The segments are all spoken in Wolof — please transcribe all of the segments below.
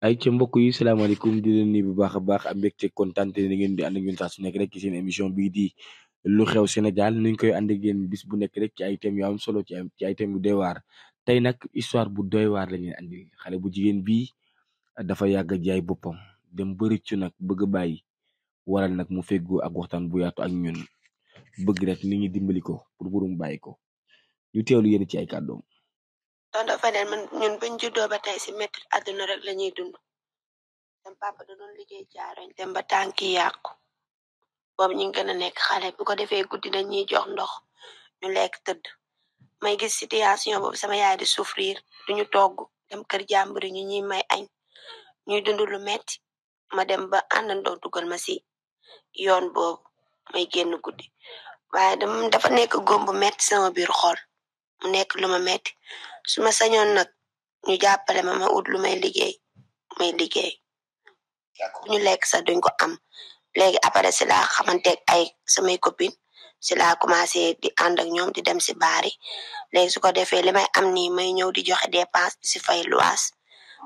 ay ca mbokk yi salaamaaleykum di leen nii bu baax a baax am mbégte kontaan te ni ngeen di ànd ak ñun saa su nekk rek ci seen émission bii di lu xew Sénégal nuñ koy ànd ak bis bu nekk rek ci ay thèmes yu am solo ci ay thèmes yu doy waar tey nag histoire bu doy waar la ñuy andi xale bu jigéen bii dafa yàgg a jaay boppam dem ba rëccu nag bëgg a bàyyi waral nag mu feggoo ak waxtaan bu yaatu ak ñun bëgg rek ni ñu dimbali ko pour burum bàyyi ko ñu lu yéen ci ay kàddoom. donc dafa ne man ñun buñ juddoo ba tey si métti àdduna rek la ñuy dund dem papa da doon liggéey jaaroñ dem ba tànki yàqu boobu ñu ngi gën a nekk xale bu ko defee guddi dañuy jox ndox ñu lekk tëdd may gis situation boobu sama yaay di souffrir duñu togg dem kër jàmbur ñu ñuy may añ ñuy dund lu metti ma dem ba àndandoo dugal ma si yoon bo may génn guddi waaye dam dafa nekk góom bu metti sama biir xol mu nekk lu ma metti su ma sañoon nag ñu jàppale ma ma ut lu may liggéey may liggéey ñu lekk sax duñ ko am léegi après si laa xamante ay samay copine si laa commencé di ànd ak ñoom di dem si baari léegi su ko defee li may am nii may ñëw di joxe dépense si fay luwaas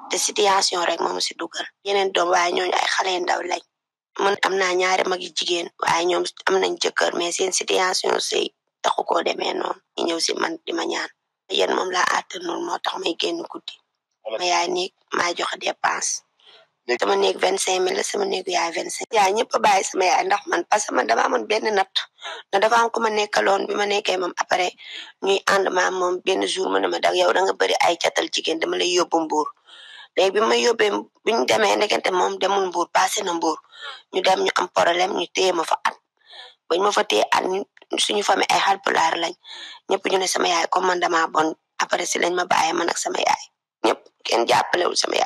te situation rek moom si dugal yeneen doom waaye ñooñu ay xale ndaw lañ man am naa ñaari magi jigéen waaye ñoom am nañ jëkkër mais seen situation sëy taxu koo demee noonu ñëw si man di ma ñaan yéen moom laa àttanul moo tax may génn guddi ma yaay néeg maa joxe dépense sama néeg vingt cinq mille sama néegu yaay vingt cinq yaay ñëpp a bàyyi sama yaay ndax man parce que man dama amoon benn natt na dafa am ku ma loon bi ma nekkee moom après ñuy ànd ma moom benn jour mu ne ma dag yow da nga bëri ay catal jigéen dama lay yóbbu mbuur léegi bi ma yóbbee bu ñu demee nekkante moom demul mbour passé na mbour ñu dem ñu am problème ñu téye ma fa at ma fa téye at suñu famille ay xalpulaar lañ ñëpp ñu ne sama yaay comme man dama après si lañ ma bàyyi man ak sama yaay ñëpp kenn jàppalewul sama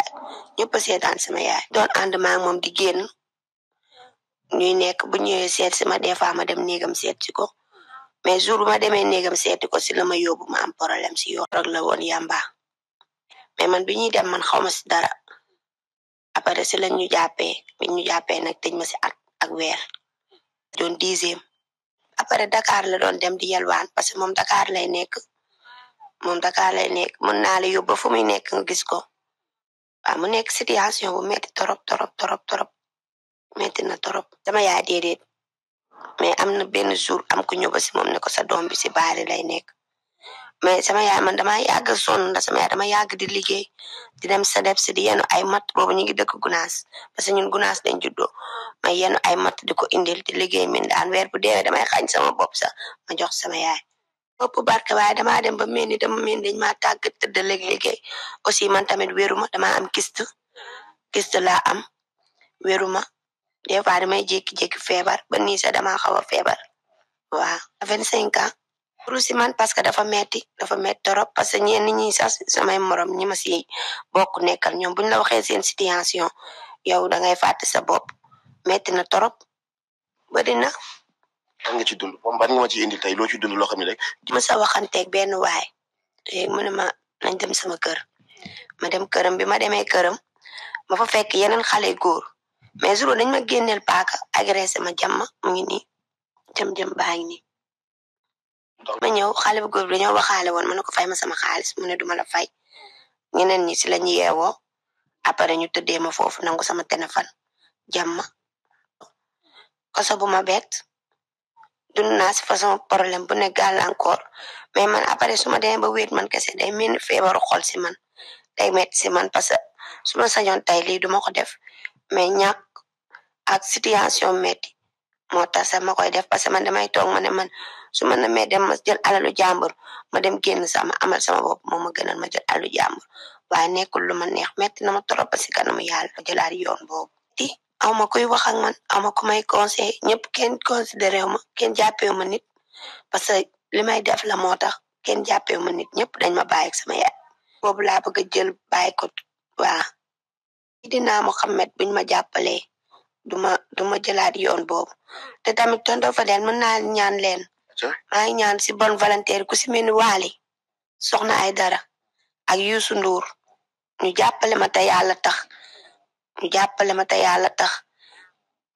ñëpp a seetaan sama yaay doon ànd maa ngi moom di génn ñuy nekk bu ñëwee seet si ma des fois ma dem néegam seet si ko mais jour bu ma demee néegam seeti ko si la ma yóbbu ma am problème si yoon rek la woon yàmba mais man bi ñuy dem man xaw ma si dara après si lañ ñu jàppee bi ñu jàppee nag teñ ma si at ak weer doon dixième après Dakar la doon dem di yalwaan parce que moom Dakar lay nekk moom Dakar lay nekk mën naa la yóbbu fu muy nekk nga gis ko waaw mu nekk situation bu metti torop torop torop torop metti na torop dama yaa déedéet mais am na benn jour am ku ñëw si moom ne ko sa doom bi si baali lay nekk mais sama yaay man dama yàgg sonn da sama yaay dama yàgg di liggéey di dem sadeb si di yenu ay mat boobu ñu ngi dëkk gunaas parce que ñun gunaas dañ juddoo may yenu ay mat di ko indil di liggéey min daan weer bu deewee damay xañ sama bopp sax ma jox sama yaay bopp barke waaye dama dem ba mel ni dama mel dañ ma tàggat tëdd liggéey aussi man tamit wéruma dama am kist kist laa am wéruma des fois damay jékki-jékki feebar ba nii sax dama xaw a feebar waaw vingt cinq pour si man parce que dafa metti dafa metti trop parce que ñenn ñi sax samay morom ñi ma si bokk nekkal ñoom buñ la waxee seen situation yow da ngay fàtte sa bopp metti na trop bari na. lan nga ci dund moom ban nga ma ci indil tey loo ci dund loo xam ne rek. ma sa waxanteeg benn waay mu ne ma nañ dem sama kër ma dem këram bi ma demee këram ma fa fekk yeneen xale góor mais jour dañ ma génneel paaka agressé ma jàmm mu ngi nii jëm jëm baa ngi nii. ma ñëw xale bu góor bi dañoo waxaale woon ma ne ko fay ma sama xaalis mu ne duma la fay ñeneen ñi si la ñu yeewoo après ñu tëddee ma foofu nangu sama téléphone jàmma koso bu ma bett dund naa si façon problème bu ne gàllankoor mais man après su ma demee ba wéet man kese day mel ni feebaru xol si man day metti si man parce que su ma sañoon tey lii duma ko def mais ñàkk ak situation metti moo tax sax ma koy def parce que man toog ma ne man su ma demee dem ma jël alalu jàmbur ma dem génn sama amal sama bopp moom ma gënal ma jël alalu jàmbur waaye nekkul lu ma neex metti na ma trop parce que kanamu yàlla ma jëlaat yoon bo i aw ma koy wax ak man aw ma ku may conseil ñëpp kenn considéré wu ma kenn jàppee ma nit parce que li may def la moo tax kenn jàppee ma nit ñëpp dañ ma bàyyi sama yaay. boobu laa bëgg a jël bàyyi ko waa dinaa Muhammad buñ ma jàppalee. duma duma jëlaat yoon boobu te tamit tonton Fadel mën naa ñaan leen maa ñaan si bon volontaire ku si mel ni soxna ay dara ak Youssou Ndour ñu jàppale ma te yàlla tax ñu jàppale ma te yàlla tax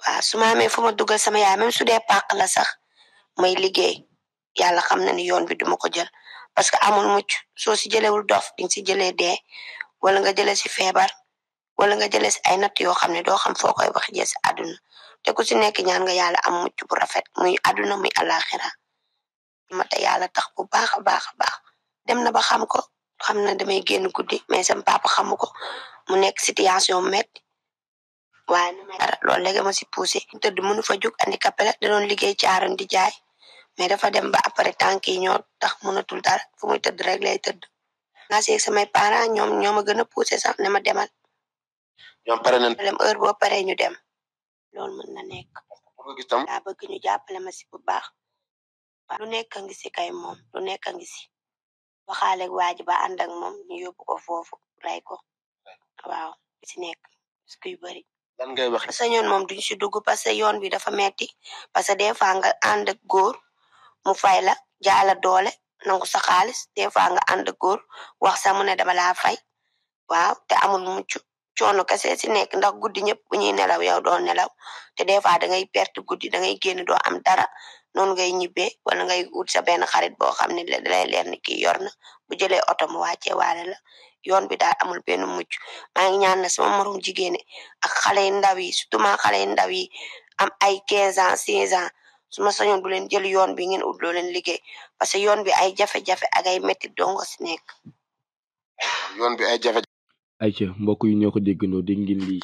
waaw su ma amee fu ma dugal sama yaay même su dee pàq la sax may liggéey yàlla xam na ni yoon bi duma ko jël parce que amul mucc soo si jëlewul doof di nga si jëlee dee wala nga jëlee si feebar wala nga jëlee si ay natt yoo xam ne doo xam foo koy wax jee si àdduna te ku si nekk ñaan nga yàlla am mucc bu rafet muy àdduna muy alaxira ma te tax bu baax a baax baax dem na ba xam ko xam na damay génn guddi mais sam papa xamu ko mu nekk situation metti waaye dara loolu léegi ma si poussé tëdd mënu fa jóg handicapé la da doon liggéey ci aaron di jaay mais dafa dem ba après tànk yi ñoo tax mënatul dara fu muy tëdd rek lay tëdd naa si samay parents ñoom ñoo ma gën a poussé sax ne ma demal ñoom pare nañ dem heure boo pare ñu dem loolu mën na nekk daa bëgg ñu jàppale ma si bu baax lu nekk ngi si kay moom lu nekk ngi si waxaale waa ji ba ànd ak moom ñu yóbbu ko foofu ray ko waaw si nekk parce que yu bëri lan ngay wax sañoon moom duñ si dugg parce que yoon bi dafa metti parce que des fois nga ànd ak góor mu fay la jaala doole nangu sa xaalis des fois nga ànd ak góor wax sa mu ne dama laa fay waaw te amul mucc coono kese si nekk ndax guddi ñëpp bu ñuy nelaw yow doo nelaw te des fois da ngay perte guddi da ngay génn doo am dara noonu ngay ñibbee wala ngay ut sa benn xarit boo xam ne dalay leer ni kii yor na bu jëlee oto mu wàccee waale la yoon bi daal amul benn mucc maa ngi ñaan na sama morom jigéen ak xale yu ndaw yi surtout ma xale yu ndaw yi am ay 15 ans 16 ans suma sañoon du leen jël yoon bi ngeen ut leen liggéey parce que yoon bi ay jafe-jafe ak ay métti dongo si nekk ayca mbokk yi ñoo ko déggandoo dégg ngeen lii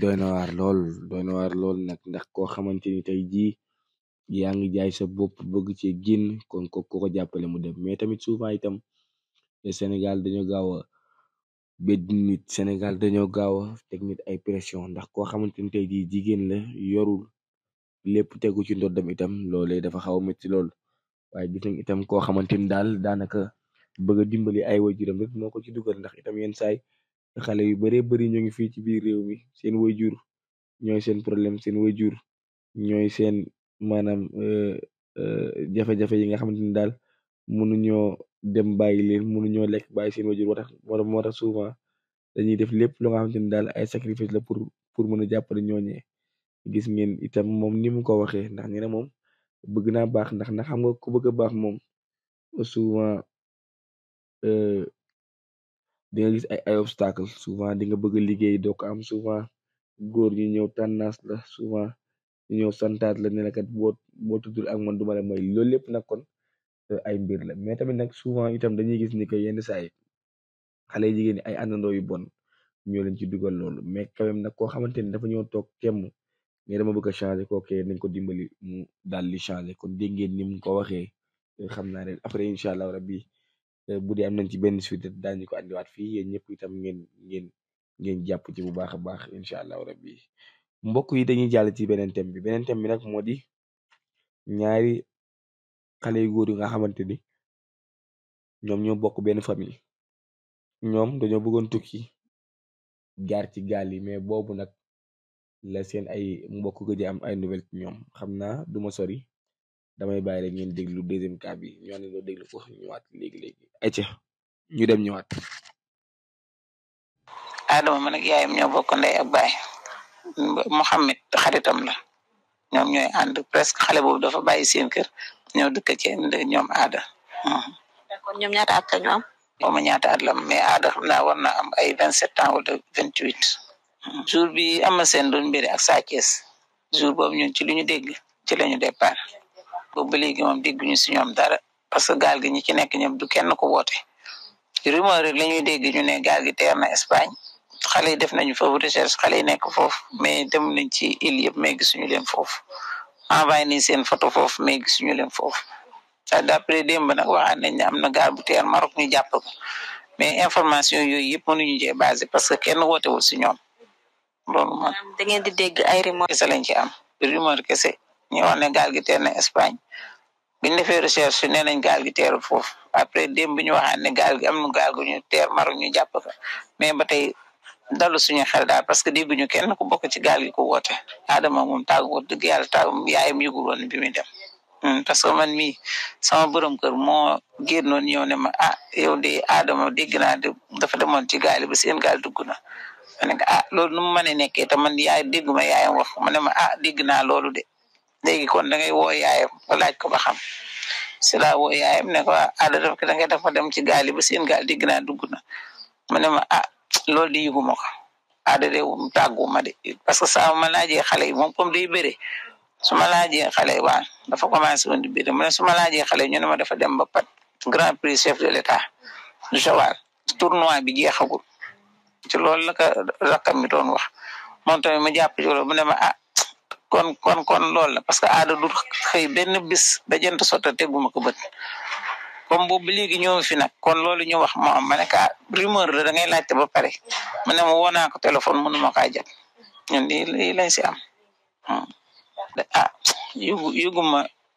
doy lool doy lool nag ndax koo xamante ni tey jii yaa ngi jaay sa bopp bëgg cee génn kon ko ko jàppale mu dem mais tamit souvent itam Sénégal dañoo gaaw a bedd nit Sénégal dañoo gaaw a teg ay pression ndax koo xamante ni tey jii jigéen la yorul lépp tegu ci ndoddam itam loole dafa xaw a métti lool waaye gis itam koo xamante ni daal daanaka. bëgg dimbali ay waajuram rek moo ko ci dugal ndax itam yenn say xale yu baree bëri ñu ngi fii ci biir réew mi seen waajur ñooy seen problème seen waajur ñooy seen maanaam euh, euh, jafe-jafe yi nga xamante ni daal mënuñoo dem bàyyi leen mënuñoo lekk bàyyi seen waajur moo tax moo tax souvent dañuy def lépp lu nga xamante ni daal ay sacrifice la pour pour mën a jàppale ñooñee gis ngeen itam moom ni mu ko waxee ndax nee na moom bëgg naa baax ndax na xam nga ku bëgg a baax moom souvent di nga gis ay ay obstacles souvent di nga bëgg liggéey doo ko am souvent góor ñu ñëw tànnaas la souvent ñu ñëw santaat la ne la kat boo boo tuddul ak man du ma la may loolu lépp nag kon euh, ay mbir la mais tamit nag souvent itam dañuy gis ni que yenn saa yi xale jigéen ñi ay àndandoo yu bon ñoo leen ci dugal loolu mais quand même nag koo xamante ni dafa ñoo toog temm mais dama bëgg a changer kooke nañ ko dimbali mu daal di changer kon dégg ngeen ni mu ko waxee xam naa ne après incha allah rabbi Eh, bu dee am nañ ci benn suite daañu ko andiwaat fi yéen ñëpp itam ngeen ngen ngeen jàpp ci bu baax a baax incha allahu rabbi mbokk yi dañuy jàll ci beneen thème bi beneen thème bi nag moo di ñaari xale yu góor yu nga xamante ni ñoom ñoo bokk benn famille ñoom dañoo bëggoon tukki jaar ci gaal yi mais boobu nag la seen ay mbokk gëj am ay nouvelle ci ñoom xam naa duma sori damay bàyyi rek ngeen déglu deuxième cas bi ñu wax ne loo déglu foofu ñëwaat léegi léegi ayca ñu dem ñëwaat. Adama man ak yaayam ñoo bokk ndey baay Mohamed xaritam la ñoom ñooy ànd presque xale boobu dafa bàyyi seen kër ñëw dëkk ci ñoom aada. kon mhm. ñoom ñaata at la ñu am. la mais aada xam naa war na am ay vingt sept ans wala vingt huit. Mhm. jour bi ama seen doon mbiri ak Sa Thiès jour boobu ñun ci lu ñu départ. boobu ba léegi moom dégguñu si ñoom dara parce que gaal gi ñi ci nekk ñoom du kenn ko woote rumeur rek la ñuy dégg ñu ne gaal gi teer na Espagne xale yi def nañu foofu recherche xale yi nekk foofu mais dem nañ ci île yëpp mais gisuñu leen foofu envoyé nañ seen photo foofu mais gisuñu leen foofu ah, d'après démb nag waxaat nañ ne am na gaal bu teer Maroc ñu jàpp ko mais information yooyu yëpp mënuñu cee basé parce que kenn wootewul si ñoom loolu moom da ngeen di dégg ay rumeur kese lañ ci am rumeur kese ñu wax ne gaal gi teer na Espagne biñ defee recherche nee nañ gaal gi teerul foofu après dem bi ñu waxaan ne gaal gi am nu gaal gu ñu teer maru ñu jàpp mais ba tey dalu suñu xel daal parce que dégguñu kenn ku bokk ci gaal gi ko woote Adama moom tàggu dëgg yàlla tàggu yaayam yëgul woon bi muy dem hmm, parce que man mii sama borom kër moo génnoon ñëw ne ma ah yow de Adama dégg naa dafa demoon ci gaal ba seen gaal dugg na ma ne ah loolu nu mu mën a nekkee te man yaay dégg ma yaayam wax ma ne ma ah dégg naa loolu de léegi kon da ngay woo yaayam laaj ko ba xam si laa woo yaayam ne ko àll ah, daf ki da ngay dafa dem ci gaal bu ba seen gaal dégg naa dugg na mu ne ma a ah, lool di yëgu ma ko aada de tàggu ma de parce que saa ma laajee xale yi moom comme day bëre su ma laajee xale yi waa dafa commencé woon di bëre mu ne su ma laajee xale yi ñu ne ma dafa dem ba pat grand prix chef de l'état du Joal tournoi bi jeexagul ci loolu la ko rakkam wax moom tamit ma jàpp ci loolu ne ma ah, kon kon kon loolu la parce que aada du xëy benn bis dajant sotta teguma ko bët kom boobu ba léegi ñoo fi nag kon loolu ñu wax ma ma ne ka ah, rumeur la da ngay laajte ba pare ma ne ma woo naa ko téléphone mënuma kaa jot ñun lii lañ si am hmm. ah yugu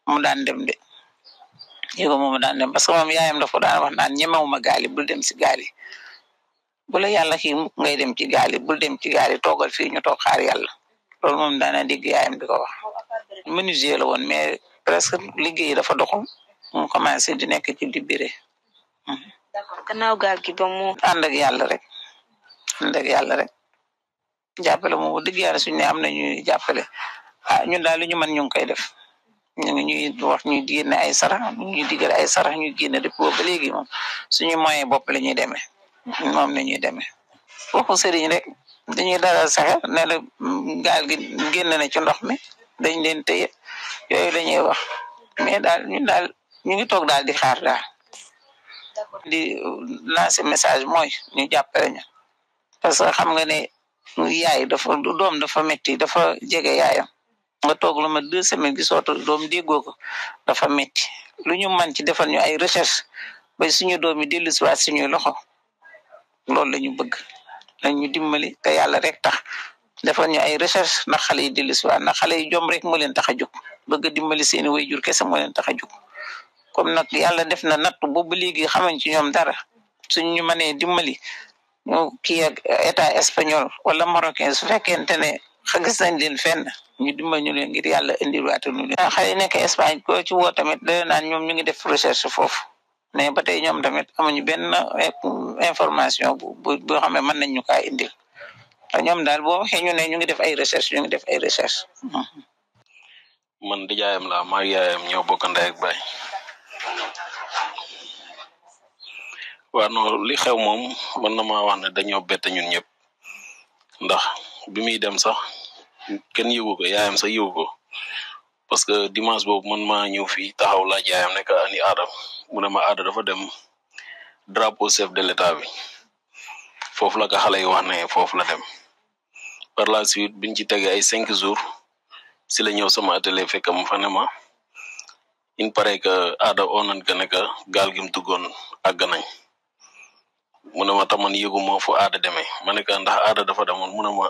mu daan dem de yuguma mu daan dem parce que moom yaayam dafa daan wax naan ñemewuma gaali bul dem si gaali bu la yàlla xii ngay dem ci gaali bul dem ci gaali toogal fii ñu toog xaar yàlla loolu moom a dégg yaayam di ko wax menuisier la woon mais presque liggéey dafa doxul mu commencé di nekk ci dibire hmm. gannaaw gaal gi ba mu ànd ak yàlla rek ànd ak yàlla rek jàppale moom dëgg yàlla suñ ne am na ñuy jàppale ah ñun daal lu ñu mën ñu ngi koy def ñu ngi ñuy wax ñuy génne ay sarax ñuy digal ay sarax ñuy génne depuis ba léegi moom suñu moyen bopp la ñuy demee moom la ñuy demee rek dañuy dalal sa xel ne la gaal gi génn na ci ndox mi dañ leen téye yooyu la wax mais daal ñu daal ñu ngi toog daal di xaar daal di lancer message mooy ñu jàppale ñu parce que xam nga ne yaay dafa doom dafa métti dafa jege yaayam nga toog lu ma deux semaines gi sooto doom déggoo ko dafa métti lu ñu man ci defal ñu ay recherche ba suñu doom yi dellusiwaat suñuy loxo loolu lañu bëgg nañ ñu dimbali te yàlla rek tax defal ñu ay recherche na xale yi dellusiwaat na xale yi jom rek moo leen tax a jóg bëgg a dimbali seeni wayjur kese moo leen tax a jóg comme nag yàlla def na natt boobu léegi xamañ ci ñoom dara suñ ñu mënee dimbali ñu kii ak état espagnol wala marocain su fekkente ne gis nañ leen fenn ñu dimbal ñu leen ngir yàlla indiwaatu ñu leen. xale yi nekk Espagne ko ci woo tamit day ñoom ñu ngi def recherche foofu mais ba tey ñoom tamit amuñu benn information bu bu boo xam ne mën nañ ñu kaa indil te ñoom daal boo waxee ñu ne ñu ngi def ay recherche ñu def ay recherche. man di jaayam laa maa yaayam ñoo bokk ndey ak baay. waaw li xew moom mën na maa wax ne dañoo bett ñun ñëpp ndax bi muy dem sax kenn yëgu ko yaayam sax yëgu ko parce que dimanche boobu man maa ñëw fii taxaw laaj yaayam nekk ani aada mu ne ma aada dafa dem. drapeau chef de l'état bi foofu la ko xale yi wax ne foofu la dem par la suite biñ ci tegee ay cinq jours si la ñëw sama atelier fekk mu fa ne ma il paraît que aada oonan que ne gaal gi mu duggoon àgg nañ mu ne ma tam man yëgu ma ada aada demee ma ne ndax ada dafa demoon mu ne ma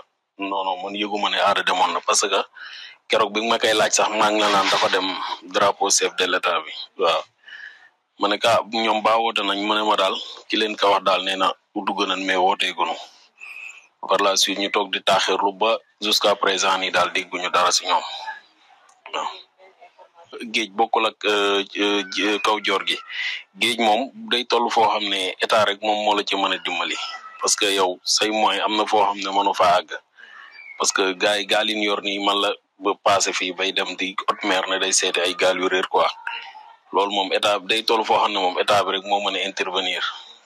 non non man yëgu ma ne aada demoon na parce que keroog bi ma koy laaj sax maa ngi la naan dafa dem drapeau chef de l'état bi waaw. ma ne ka ah, ñoom ba woote nañ mu ne ma daal ki leen ka wax daal nee na dugg nañ mais wooteegunu par la suite ñu toog di taaxirlu ba jusqu'à présent nii daal dégguñu dara si ñoom waaw géej bokkul ak euh, euh, kaw joor gi géej moom day toll foo xam ne état rek moom moo la ci mën a dimbali parce que yow say moyen am na foo xam ne mënu faa àgg parce que gars yi gaal yi ñu yor nii man la ba passé fii bay dem di haute mer ne day seeti ay gaal yu réer quoi loolu moom état day toll foo xam ne moom état bi rek moo mën a intervenir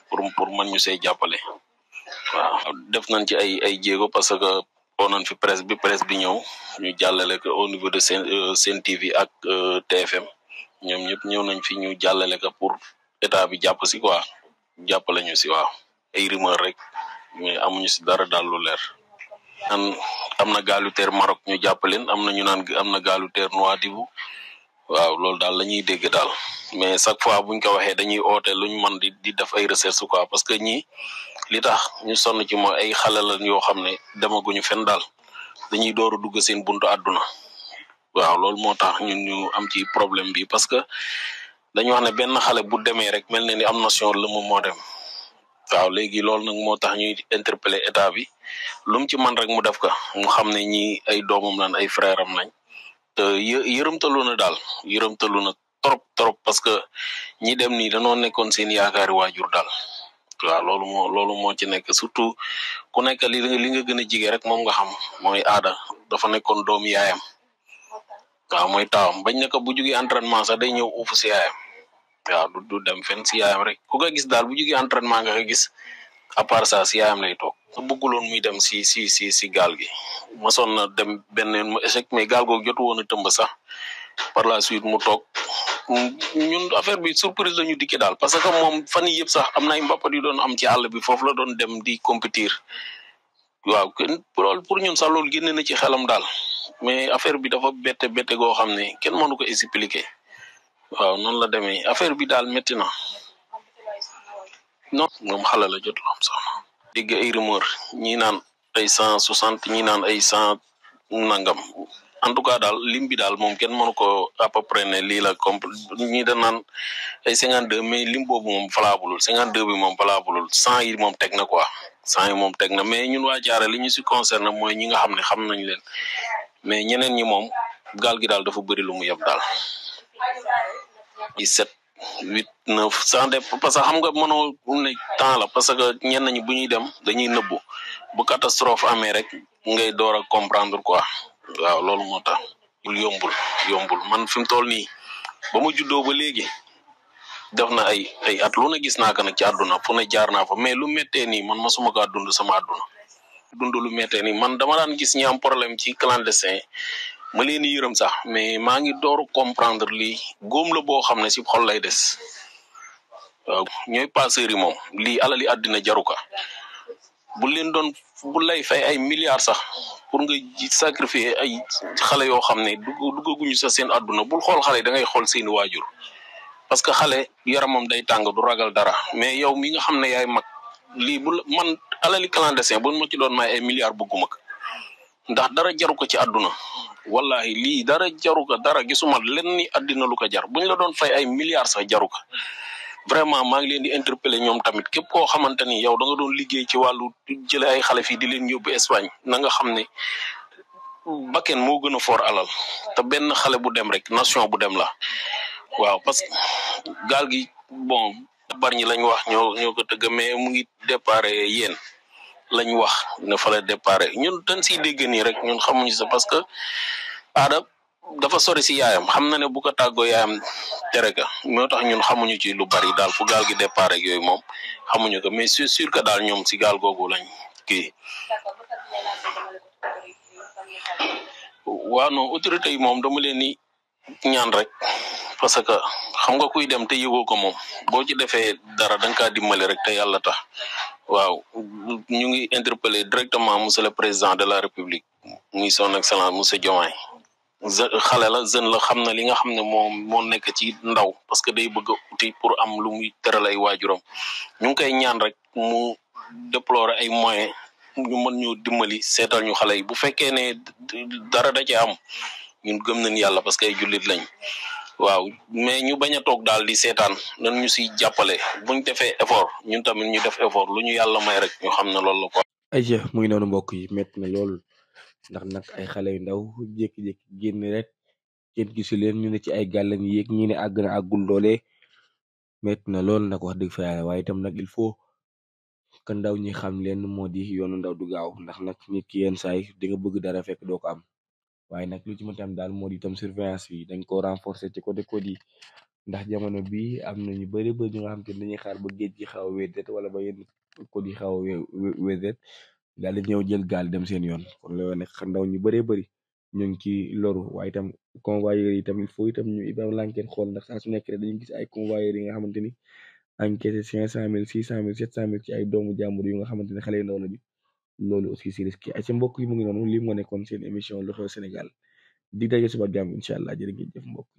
pour pour mën ñu see jàppale waaw. def nañ ci ay ay jéego parce que o nañ fi presse bi presse bi ñëw ñu jàllale au niveau de Sen euh, Sen TV ak euh, TFM ñoom ñëpp ñëw nañ fi ñu jàllale ko pour état bi jàpp si quoi jàppale ñu si waaw. ay rek mais amuñu si dara daal lu leer. am na gaalu teer Maroc ñu jàppaleen am na ñu naan am na gaalu teer Nouadhibou waaw loolu daal la ñuy dégg daal mais chaque fois buñ ko waxee dañuy oote luñ mën di di def ay recherche quoi parce que ñii li tax ñu sonn ci mooy ay xale lañ yoo xam ne demaguñu fenn daal dañuy door a dugg seen buntu àdduna waaw loolu moo tax ñun ñu am ci problème bi parce que dañu wax ne benn xale bu demee rek mel na ni am notion la moom moo dem waaw léegi loolu nag moo tax ñu interpeller état bi lu ci man rek mu def ko mu xam ne ñi ay doomam lañ ay freeram nañ Euh, yërëmtalu na daal yërëmtalu na trop trop parce que ñi dem nii danoo nekkoon seen yaakaari waajur daal waaw loolu moo loolu moo ci nekk surtout ku nekk li li nga gën a jige rek moom nga xam mooy aada dafa nekkoon doom yaayam waaw mooy taawam bañ naka bu jugee entraînement sax day ñëw uuf si yaayam waaw du du dem fenn si yaayam rek ku ko gis daal bu jugee nga ka gis à part ça si yaayam lay toog bëgguloon muy dem si si si gaal gi mosoon na dem benn échec mais gaal googu jotu woon a tëmb sax par la suite mu toog ñun affaire bi surprise la ñu dikke daal parce que moom fan yii yëpp sax am na ay mbappat yu doon am ci àll bi foofu la doon dem di compétir waaw loolu pour ñun sax loolu génne na ci xelam daal mais affaire bi dafa bette bette goo xam ne kenn mënu ko expliquer waaw noonu la demee affaire bi daal métti non moom xale la jotul am sax dégg ay rumeur ñi naan ay cent soixante ñi naan ay cent nangam en tout cas daal lim bi daal moom kenn mënu ko à peu près lii la comp ñi da naan ay cinquante deux mais lim boobu moom valabulul cinquante deux bi moom valabulul cent yi moom teg na quoi cent yi moom teg na mais ñun waa jaare li ñu si concerné mooy ñi nga xam ne xam nañ leen mais ñeneen ñi moom gaal gi daal dafa bëri lu mu yeb daal i set huit neuf ça dépend parce que xam nga mënoo ne temps la parce que ñenn ñi bu ñuy dem dañuy nëbbu bu catastrophe amee rek ngay door a comprendre quoi waaw loolu moo tax yombul yombul man fi mu toll nii ba ma juddoo ba léegi def na ay ay at lu na gis naa ko nag ci àdduna fu ne jaar naa fa mais lu méttee nii man masuma kaa dund sama àdduna dund lu méttee nii man dama daan gis ñi am problème ci clandestin ma leen di yërëm sax mais maa ngi dooru comprendre lii góom la boo xam ne si xol lay des ñooy passeurs yi moom lii alali àddina jaruka bu leen doon bu lay fay ay milliards sax pour nga sacrifier ay xale yoo xam ne dugg duggaguñu sax seen adduna bul xool xale da ngay xool seeni waajur parce que xale yaram yaramam day tàng du ragal dara mais yow mi nga xam ne yaay mag lii bu man alali clandestin bu ma ci doon may ay milliards bëgguma ndax dara jaru ko ci àdduna wallahi lii dara jaru ko dara gisuma lenn ni àddina lu ko jar buñ la doon fay ay milliards sax jaru ko vraiment maa ngi leen di interpeller ñoom tamit képp koo xamante ni yow da nga doon liggéey ci wàllu jële ay xale fii di leen yóbbu Espagne na nga xam ne bakken moo gën a foor alal te benn xale bu dem rek nation bu dem la waaw parce que gaal gi bon bar ñi lañ wax ñoo ñoo ko tëgg mais mu ngi déparé yéen lañ wax ne fa la départ ñun dañ siy dégg nii rek ñun xamuñu sa parce que aada dafa sori si yaayam xam na ne bu ko tàggoo yaayam tere ka moo tax ñun xamuñu ci lu bari daal fu gaal gi départ ak yooyu moom xamuñu ko mais c'est sûr que daal ñoom si gaal googu lañ kii. waaw non autorité yi moom dama leen ni ñaan rek parce que xam nga kuy dem te yëgoo ko moom boo ci defee dara da nga kaa dimbali rek te yàlla ta waaw ñu ngi interpeller directement monsieur le président de la république muy son excellence monsieur Diomaye xale la jeune la xam na li nga xam ne moo moo nekk ci ndaw parce que day bëgg a uti pour am lu muy tëral ay waajuram ñu ngi koy ñaan rek mu déplorer ay moyens ñu mën ñu dimbali seetal ñu xale yi bu fekkee ne dara da ci am ñun gëm nañ yàlla parce que ay jullit lañ waaw mais ñu bañ a toog daal di seetaan nan ñu siy jàppale buñ defee effort ñun tamit ñu def effort lu ñu yàlla may rek ñu xam ne loolu la ko aja mu ngi noonu mbokk yi métti na lool ndax nag ay xale yu ndaw jékki-jékki génn rek kenn gisu leen ñu ne ci ay gàllañ yéeg ñi ne àgg na àggul doole métti na lool nag wax dëgg fa yàlla waaye itam nag il faut que ndaw ñi xam leen moo di yoonu ndaw du gaaw ndax nag nit ki yenn saay di nga bëgg dara fekk doo ko am waaye nag lu ci mën tam daal moo di itam surveillance bi dañ ko renforcer ci côté code yi ndax jamono bi am na ñu bëri bëri ñu nga xaar ba géej gi xaw a wéedet wala ba yenn code xaw a wéedet daal di ñëw jël gaal yoon kon ndaw ñu bëree bëri ñu ngi ci loru waaye itam convoyeur yi itam il ñu itam l'enquête xool ndax saa su nekk rek dañuy gis yi nga xamante ni enquête cinq cent six cent mille sept cent mille ci ay doomu jàmbur yu nga xamante ne xale yi ndaw la bi loolu aussi si risque ay ca mbokk yi mu ngi noonu lii moo nekkoon seen émission lu xew Sénégal di daje suba jàmm incha allah jërë ngeen jëf mbokk yi